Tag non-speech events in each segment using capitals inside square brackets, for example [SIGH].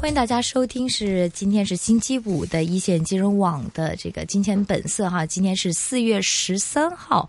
歡迎大家收聽，是今天是星期五的一線金融網的這個金錢本色哈，今天是四月十三號。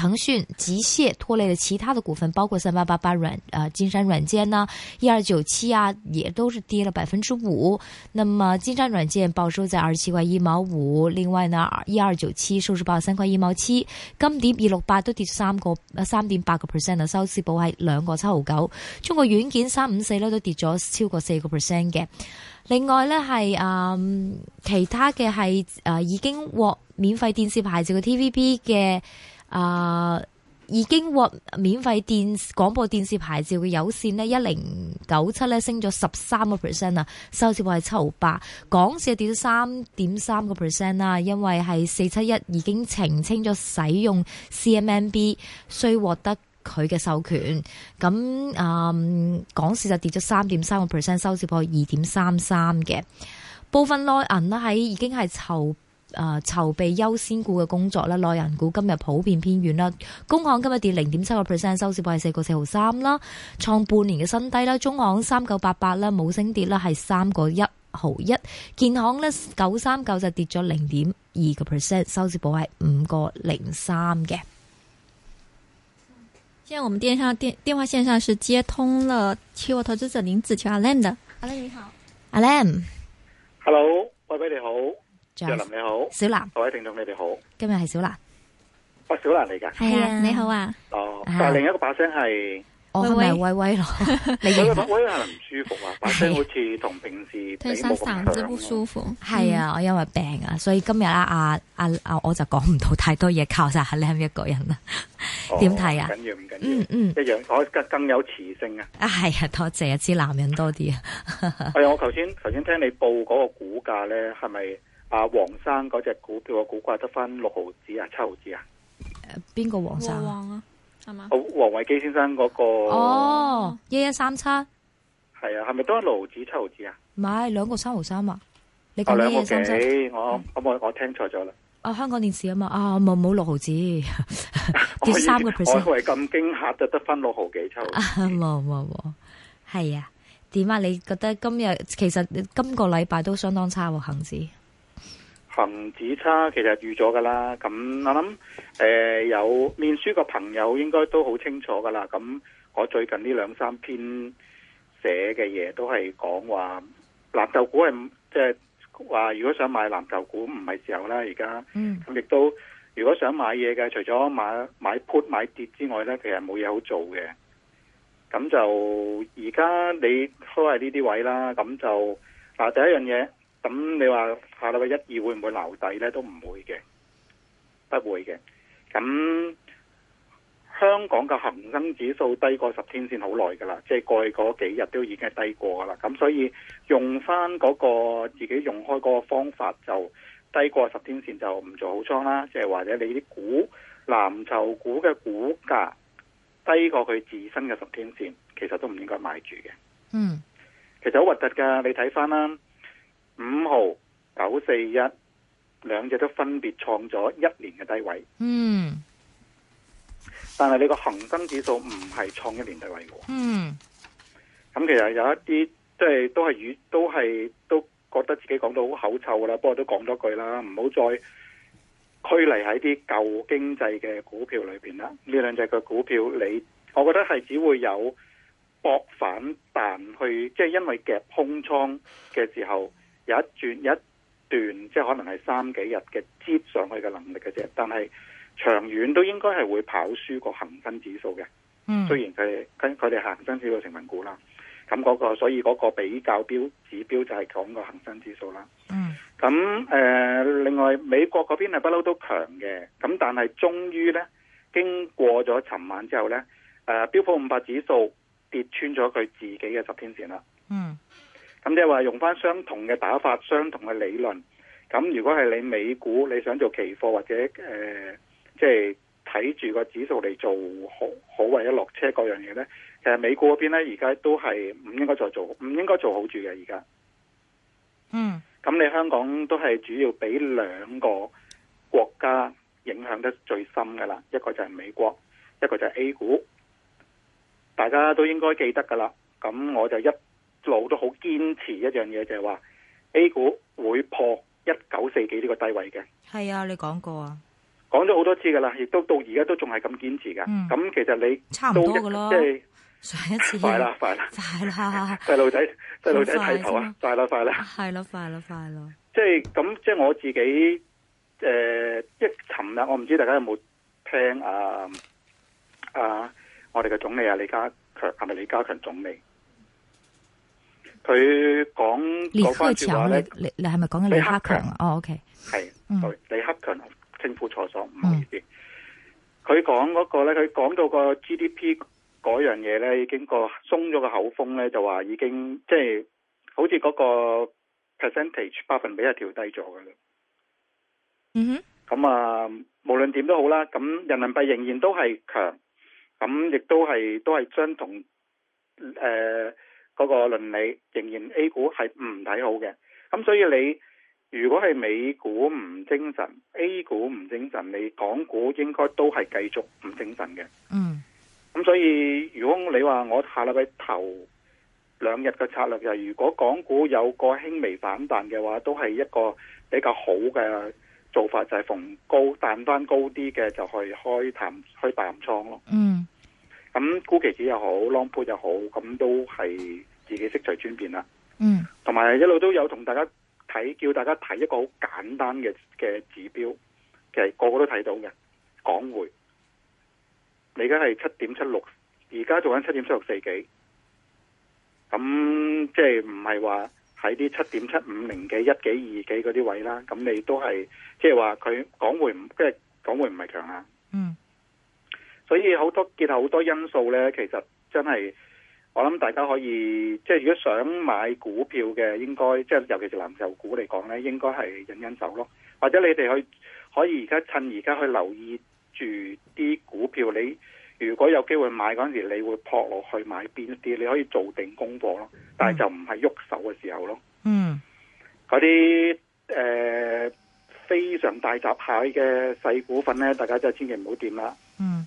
騰訊機械拖累了其他的股份，包括三八八八軟啊、呃，金山軟件呢、啊，一二九七啊，也都是跌了百分之五。那麼金山軟件報收在二十七塊一毛五、啊，另外呢，一二九七收市報三塊一毛七，金蝶二六八都跌三個，三點八個 percent 啊，收市報喺兩個七毫九。中國軟件三五四呢都跌咗超過四個 percent 嘅。另外呢，係啊，其他嘅係誒已經獲免費電視牌照嘅 T V B 嘅。啊，uh, 已經獲免費電廣播電視牌照嘅有線呢一零九七咧升咗十三個 percent 啊，收市破係七毫八。港市就跌咗三點三個 percent 啦，因為係四七一已經澄清咗使用 CMMB 需獲得佢嘅授權，咁啊，um, 港市就跌咗三點三個 percent，收市破二點三三嘅部分內銀啦，喺已經係籌。誒，呃、籌備優先股嘅工作咧，內銀股今日普遍偏軟啦。工行今日跌零點七個 percent，收市報係四個四毫三啦，創半年嘅新低啦。中行三九八八啦，冇升跌啦，係三個一毫一。建行咧九三九就跌咗零點二個 percent，收市報係五個零三嘅。現在我們線上電話電，電話線上是接通了期貨投資者林子球阿 Lam 的，阿 Lam，你好，阿 Lam，hello，喂喂你好。小林你好，小蘭，各位聽眾你哋好，今日係小蘭，喂，小蘭嚟嘅，係啊，你好啊，哦，另一個把聲係，喂喂喂喂，你有冇？我因為唔舒服啊，把聲好似同平時比冇咁響，唔舒服，係啊，我因為病啊，所以今日啊啊啊，我就講唔到太多嘢，靠晒係靚一個人啦，點睇啊？唔緊要唔緊要，嗯嗯，一樣，我更有磁性啊，啊係，多謝，一支男人多啲啊，係啊，我頭先頭先聽你報嗰個股價咧，係咪？啊！王生嗰隻股票個股價得返六毫子啊，七毫子啊？誒、呃，邊個王生啊？王啊，係嘛？王維基先生嗰、那個哦，一一三七係啊，係咪差、啊、都六毫子七毫子啊？唔係兩個三毫三啊？你講一一三七？我、嗯、我我我聽錯咗啦。啊，香港電視啊嘛，啊冇冇六毫子跌三個 percent，我係咁驚吓，就得返六毫幾七毫子。冇冇冇，係啊？點啊，啊？你覺得今日其實今個禮拜都相當差喎、啊，恒指。恒指差其實預咗噶啦，咁我諗誒、呃、有面書嘅朋友應該都好清楚噶啦。咁我最近呢兩三篇寫嘅嘢都係講話，藍籌股係即係話，就是，如果想買藍籌股唔係時候啦，而家嗯，咁亦都如果想買嘢嘅，除咗買買 put 買跌之外呢，其實冇嘢好做嘅。咁就而家你開喺呢啲位啦，咁就嗱，第一樣嘢。咁你話下禮拜一二會唔會留底呢？都唔會嘅，不會嘅。咁香港嘅恒生指數低過十天線好耐㗎啦，即係過去嗰幾日都已經係低過㗎啦。咁所以用翻嗰個自己用開嗰個方法，就低過十天線就唔做好倉啦。即係或者你啲股藍籌股嘅股價低過佢自身嘅十天線，其實都唔應該買住嘅。嗯，其實好核突㗎，你睇翻啦。五號九四一兩隻都分別創咗一年嘅低位，嗯，但係你個恒生指數唔係創一年低位嘅，嗯，咁其實有一啲即係都係與都係都覺得自己講到好口臭啦，不過都講多句啦，唔好再拘泥喺啲舊經濟嘅股票裏邊啦。呢兩隻嘅股票你，你我覺得係只會有搏反彈去，即係因為夾空倉嘅時候。有一轉一段，即係可能係三幾日嘅，接上去嘅能力嘅啫。但係長遠都應該係會跑輸個恒生指數嘅。嗯，雖然佢佢佢哋恒生指數成分股啦，咁嗰、嗰個所以嗰個比較標指標就係講個恒生指數啦。嗯，咁誒、呃，另外美國嗰邊係不嬲都強嘅，咁但係終於咧，經過咗尋晚之後咧，誒、呃，標普五百指數跌穿咗佢自己嘅十天線啦。嗯。咁即係話用翻相同嘅打法、相同嘅理論。咁如果係你美股，你想做期貨或者誒，即係睇住個指數嚟做好，好好為一落車嗰樣嘢呢，其實美股嗰邊呢，而家都係唔應該再做，唔應該做好住嘅而家。嗯，咁你香港都係主要俾兩個國家影響得最深噶啦，一個就係美國，一個就係 A 股，大家都應該記得噶啦。咁我就一。老都好堅持一樣嘢，就係話 A 股會破一九四幾呢個低位嘅。係啊，你講過啊，講咗好多次噶啦，亦都到而家都仲係咁堅持噶。咁、嗯、其實你差唔多噶咯，即係快啦，快啦，快啦！細路仔，細路仔，睇頭啊，快啦，快啦，係咯，快啦，快啦！即係咁，即係我自己誒，即尋日，我唔知大家有冇聽啊啊，我哋嘅總理啊，李家強係咪李家強總理？佢講講翻住嘅話，你你係咪講緊李克強哦，OK，係的、嗯，李克強稱呼錯咗唔好意思。佢講嗰個咧，佢講到個 GDP 嗰樣嘢咧，已經過鬆咗個鬆口風咧，就話已經即係好似嗰個 percentage 百分比係調低咗嘅啦。嗯哼。咁啊，無論點都好啦，咁人民幣仍然都係強，咁亦都係都係將同誒。呃嗰個論理仍然 A 股係唔睇好嘅，咁所以你如果係美股唔精神，A 股唔精神，你港股應該都係繼續唔精神嘅。嗯，咁所以如果你話我下禮拜頭兩日嘅策略就係、是，如果港股有個輕微反彈嘅話，都係一個比較好嘅做法，就係、是、逢高彈翻高啲嘅就去開淡開淡倉咯。嗯。咁沽期指又好，浪 t 又好，咁都係自己識極轉變啦。嗯，同埋一路都有同大家睇，叫大家睇一個好簡單嘅嘅指標，其實個個都睇到嘅港匯，你而家係七點七六，而家做緊七點七六四幾，咁即係唔係話喺啲七點七五零幾一幾二幾嗰啲位啦，咁你都係即係話佢港匯唔即係港匯唔係強啊。嗯。所以好多結合好多因素呢，其實真係我諗大家可以，即係如果想買股票嘅，應該即係尤其是藍籌股嚟講呢，應該係忍忍手咯。或者你哋去可以而家趁而家去留意住啲股票，你如果有機會買嗰陣時，你會撲落去買邊一啲？你可以做定功課咯，但係就唔係喐手嘅時候咯。嗯，嗰啲誒非常大閘蟹嘅細股份呢，大家真係就千祈唔好掂啦。嗯。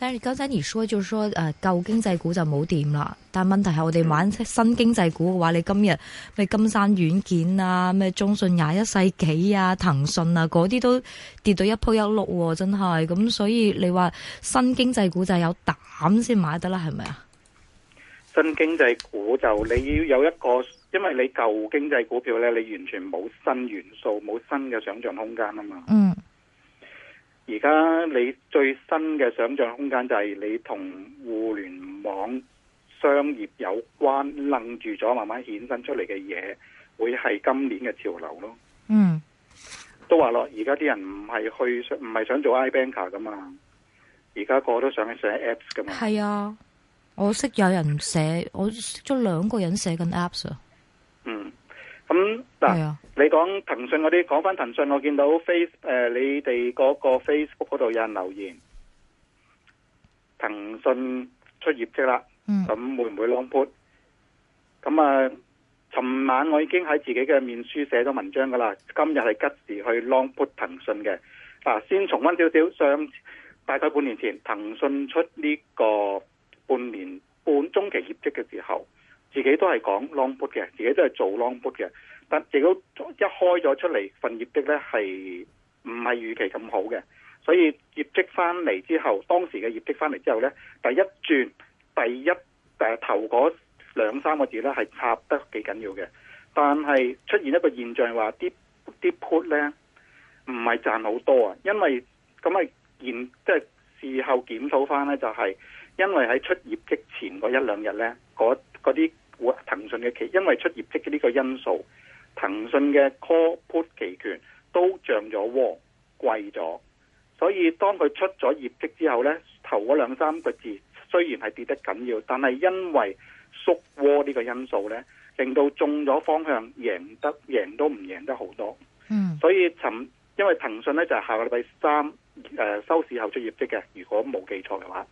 但係你啱先你話就話，誒舊經濟股就冇掂啦。但問題係我哋玩新經濟股嘅話，你今日咩金山軟件啊，咩中信廿一世紀啊，騰訊啊嗰啲都跌到一鋪一碌喎，哦，真係咁。所以你話新經濟股就有膽先買得啦，係咪啊？新經濟股就你要有一個，因為你舊經濟股票呢，你完全冇新元素，冇新嘅想象空間啊嘛。嗯。而家你最新嘅想象空間就係你同互聯網商業有關愣住咗，了慢慢衍生出嚟嘅嘢，會係今年嘅潮流咯。嗯，都話咯，而家啲人唔係去唔係想做 I banker 噶嘛？而家個個都想去寫 apps 噶嘛？係啊，我識有人寫，我識咗兩個人寫緊 apps 啊。嗯。咁嗱，嗯啊、你講騰訊嗰啲，講翻騰訊，我見到 face、呃、你哋嗰個 Facebook 嗰度有人留言，騰訊出業績啦，咁、嗯、會唔會 long put？咁、呃、啊，尋晚我已經喺自己嘅面書寫咗文章噶啦，今日係吉時去 long put 騰訊嘅、啊。先重溫少少，上大概半年前騰訊出呢個半年半中期業績嘅時候，自己都係講 long put 嘅，自己都係做 long put 嘅，但係如果一開咗出嚟份業績呢係唔係預期咁好嘅？所以業績翻嚟之後，當時嘅業績翻嚟之後呢，第一轉第一誒、啊、頭嗰兩三個字呢係插得幾緊要嘅。但係出現一個現象話啲啲 put 呢唔係賺好多啊，因為咁係見即係事後檢討翻呢，就係、是、因為喺出業績前嗰一兩日呢，啲。騰訊嘅期因為出業績嘅呢個因素，騰訊嘅 call put 期權都漲咗窩，貴咗，所以當佢出咗業績之後呢，頭嗰兩三個字雖然係跌得緊要，但係因為縮窩呢個因素呢，令到中咗方向贏得贏都唔贏得好多。嗯，所以尋因為騰訊呢，就係下個禮拜三誒收市後出業績嘅，如果冇記錯嘅話。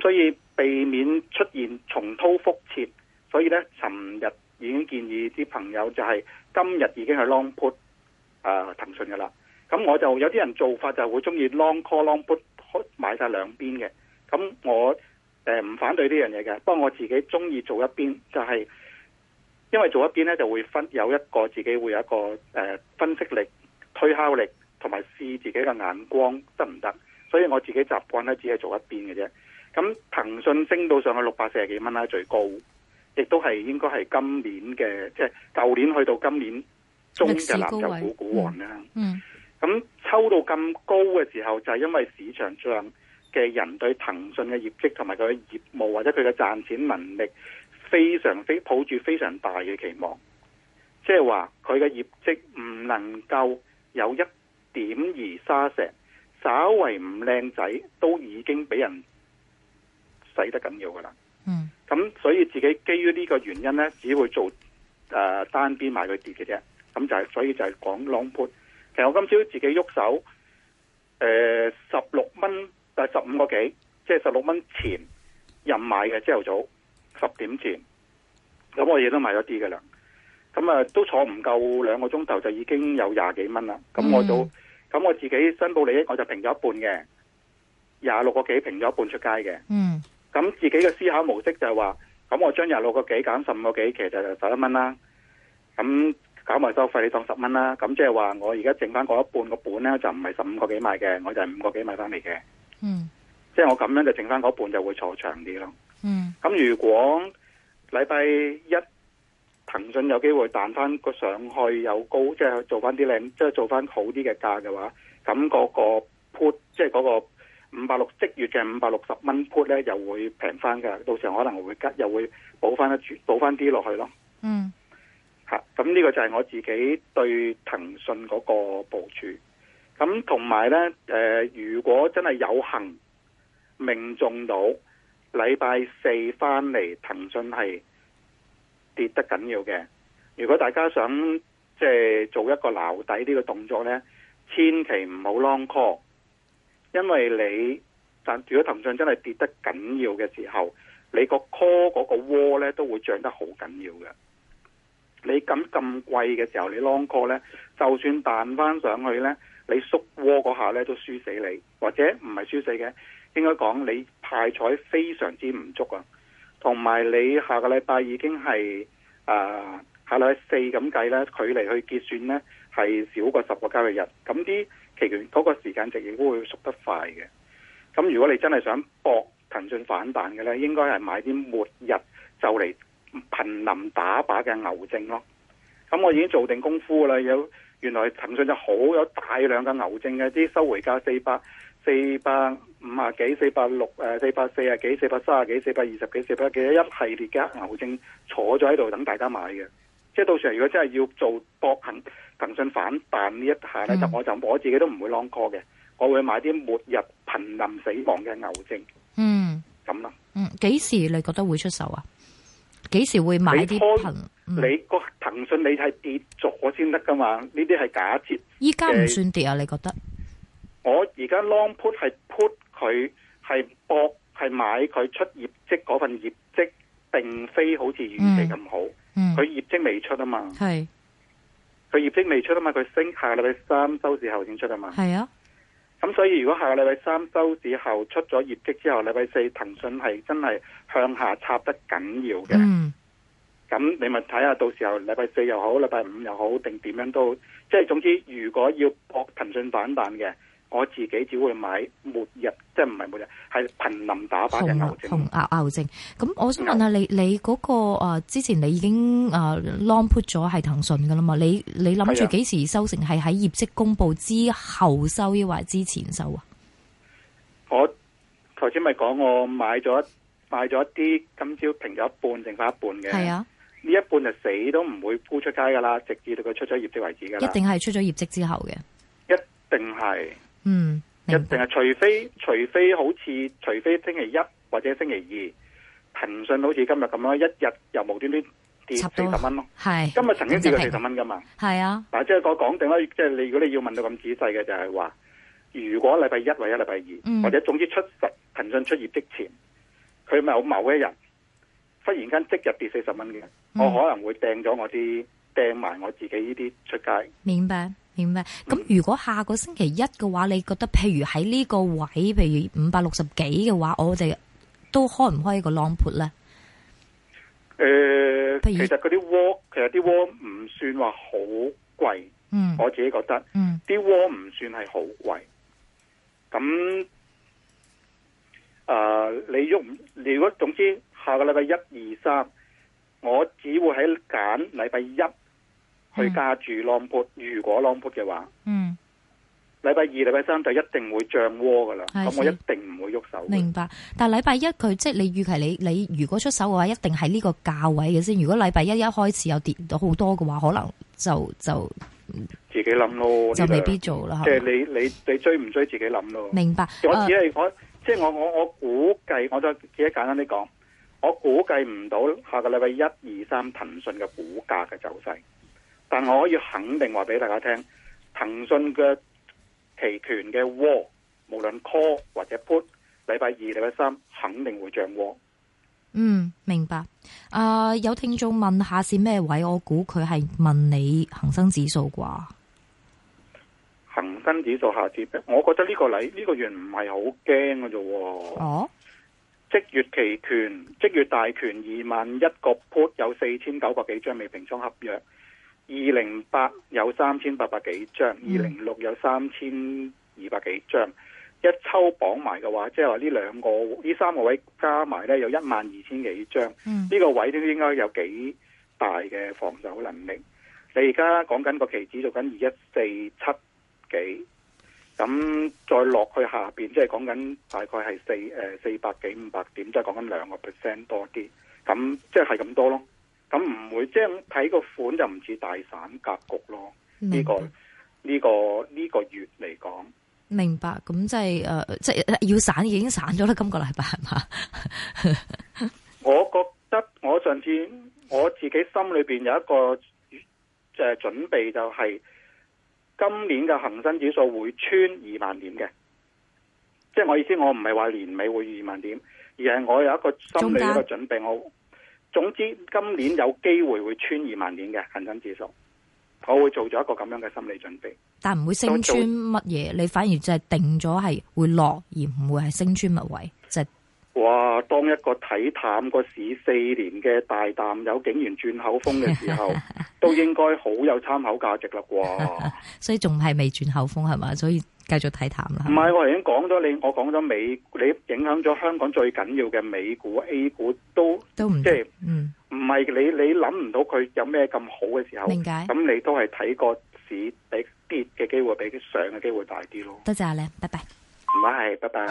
所以避免出現重蹈覆轍，所以咧，尋日已經建議啲朋友就係、是、今日已經係 long put 啊、呃、騰訊嘅啦。咁我就有啲人做法就會中意 long call long put 買晒兩邊嘅。咁我誒唔、呃、反對呢樣嘢嘅，不過我自己中意做一邊就係、是，因為做一邊咧就會分有一個自己會有一個誒、呃、分析力、推敲力同埋試自己嘅眼光得唔得。所以我自己習慣咧只係做一邊嘅啫。咁騰訊升到上去六百四十幾蚊啦，最高，亦都係應該係今年嘅，即係舊年去到今年中嘅啦，就股股王啦。嗯，咁、嗯、抽到咁高嘅時候，就係、是、因為市場上嘅人對騰訊嘅業績同埋佢嘅業務或者佢嘅賺錢能力非常非抱住非常大嘅期望，即係話佢嘅業績唔能夠有一點而沙石，稍微唔靚仔都已經俾人。使得緊要噶啦，嗯，咁所以自己基於呢個原因咧，只會做誒單邊買佢跌嘅啫，咁就所以就係講 long put。其實我今朝自己喐手，誒十六蚊十五個幾，即係十六蚊前入買嘅朝頭早十點前，咁我亦都買咗啲噶啦，咁啊都坐唔夠兩個鐘頭就已經有廿幾蚊啦，咁我就咁、嗯、我自己申報利益我就平咗一半嘅，廿六個幾平咗一半出街嘅，嗯。咁自己嘅思考模式就係話，咁我將廿六個幾減十五個幾，其實就十一蚊啦。咁搞埋收費你當十蚊啦。咁即係話我而家剩翻嗰一半個本咧，就唔係十五個幾買嘅，我就係五個幾買翻嚟嘅。嗯，即係我咁樣就剩翻嗰半就會坐長啲咯。嗯，咁如果禮拜一騰訊有機會彈翻個上去有高，即係做翻啲靚，即係做翻好啲嘅價嘅話，咁嗰個 put 即係嗰個，五百六即月嘅五百六十蚊 put 咧，又會平翻嘅。到時候可能會吉，又會補翻一注，補翻啲落去咯。嗯，吓、啊，咁呢個就係我自己對騰訊嗰個部署。咁同埋咧，誒、呃，如果真係有幸命中到禮拜四翻嚟，騰訊係跌得緊要嘅。如果大家想即係、就是、做一個撈底呢個動作咧，千祈唔好 long call。因為你，但如果騰訊真係跌得緊要嘅時候，你個 call 那個 call 嗰個窩咧都會漲得好緊要嘅。你咁咁貴嘅時候，你 long call 咧，就算彈翻上去咧，你縮窩嗰下咧都輸死你，或者唔係輸死嘅，應該講你派彩非常之唔足啊。同埋你下個禮拜已經係啊、呃，下禮拜四咁計咧，距離去結算咧係少過十個交易日，咁啲，期權嗰個時間值亦都會縮得快嘅，咁如果你真係想搏騰訊反彈嘅呢，應該係買啲末日就嚟頻臨打靶嘅牛證咯。咁我已經做定功夫啦，有原來騰訊就好有大量嘅牛證嘅，啲收回價四百四百五啊幾、四百六、四百四啊幾、四百三十幾、四百二十幾、四百幾一系列嘅牛證坐咗喺度等大家買嘅。即係到時候如果真係要做博騰騰訊反彈呢一下咧，嗯、就我就我自己都唔會 long call 嘅，我會買啲末日瀕臨死亡嘅牛證。嗯，咁啦。嗯，幾時你覺得會出手啊？幾時會買啲你個騰訊你係跌咗先得噶嘛？呢啲係假設。依家唔算跌啊？你覺得？我而家 long put 係 put 佢係博係買佢出業績嗰份業績，并非好似預期咁好。嗯佢、嗯、業績未出啊嘛，係佢是業績未出啊嘛，佢升下個禮拜三收市後先出啊嘛，係啊，咁所以如果下個禮拜三收市後出咗業績之後，禮拜四騰訊係真係向下插得緊要嘅，咁、嗯、你咪睇下到時候禮拜四又好，禮拜五又好，定點樣都好，即係總之如果要博騰訊反彈嘅。我自己只會買末日，即係唔係末日，係貧民打板嘅牛證同牛牛證。咁我想問下牛你，你嗰、那個誒、啊，之前你已經誒 longput 咗係騰訊噶啦嘛？你你諗住幾時收成？係喺業績公布之後收，抑或之前收啊？我頭先咪講，我買咗買咗一啲，今朝平咗一半，剩翻一半嘅。係啊的，呢一半就死都唔會沽出街噶啦，直至到佢出咗業績為止噶。一定係出咗業績之後嘅。一定係。嗯，一定係，除非除非好似除非星期一或者星期二，騰訊好似今日咁咯，一日又無端端跌四十蚊咯。係今日曾經跌過四十蚊噶嘛？係啊、嗯，嗱、嗯，即係我講定啦，即係你如果你要問到咁仔細嘅，就係話如果禮拜一或者禮拜二，嗯、或者總之出十騰訊出業績前，佢咪好某一日忽然間即日跌四十蚊嘅，嗯、我可能會掟咗我啲掟埋我自己呢啲出街。明白。明咩？咁如果下個星期一嘅話，你覺得譬如喺呢個位，譬如五百六十幾嘅話，我哋都開唔開個 long put 咧？誒、譬如，其實嗰啲窩，其實啲窩唔算話好貴。我自己覺得嗯，啲窩唔算係好貴。咁，誒，你用？如果總之下個禮拜一二三，我只會喺揀禮拜一，去揸住浪撲，嗯、如果浪撲嘅話，嗯，禮拜二、禮拜三就一定會漲窩噶啦。咁的我一定唔會喐手。明白。但係禮拜一佢即係你預期你你如果出手嘅話，一定係呢個價位嘅先。如果禮拜一一開始又跌到好多嘅話，可能就就自己諗咯，就未必做啦。即係你你你追唔追自己諗咯。明白。我只係、啊、我即係我我我估計，我就幾簡單啲講，我估計唔到下個禮拜一二三騰訊嘅股價嘅走勢。但我可以肯定話俾大家聽，騰訊嘅期權嘅窩，無論 call 或者 put，禮拜二、禮拜三肯定會漲窩。嗯，明白。啊、呃，有聽眾問下次咩位？我估佢係問你恒生指數啩？恒生指數下跌，我覺得呢個禮呢、這個月唔係好驚嘅啫。哦，即月期權，即月大權二萬一個 put 有四千九百幾張未平倉合約。二零八有三千八百幾張，二零六有三千二百幾張，一抽綁埋嘅話，即係話呢兩個呢三個位加埋呢有一萬二千幾張，呢、嗯、個位都應該有幾大嘅防守能力。你而家講緊個期指做緊二一四七幾，咁再落去下邊，即係講緊大概係四誒四百幾五百點，即係講緊兩個 percent 多啲，咁即係咁多咯。咁唔會，即係睇個款就唔似大散格局咯。呢個呢個呢個月嚟講，明白。咁即係誒，即係要散已經散咗啦。今個禮拜係嘛？ [LAUGHS] 我覺得我上次我自己心裏邊有一個誒準備，就係今年嘅恒生指數會穿二萬點嘅。即係我意思，我唔係話年尾會二萬點，而係我有一個心理一個準備，我。總之今年有機會會穿二萬年嘅恒生指數，我會做咗一個咁樣嘅心理準備。但唔會升穿乜嘢？做你反而就係定咗係會落，而唔會係升穿物位，就是。哇！當一個睇淡個市四年嘅大淡友竟然轉口風嘅時候， [LAUGHS] 都應該好有參考價值啦，啩 [LAUGHS] ？所以仲係未轉口風係嘛？所以繼續睇淡啦。唔係，我已經講咗你，我講咗美，你影響咗香港最緊要嘅美股 A 股都都唔即係，唔係你你諗唔到佢有咩咁好嘅時候？理解咁你都係睇個市比跌嘅機會比上嘅機會大啲咯。多謝阿靚，拜拜。唔係，拜拜。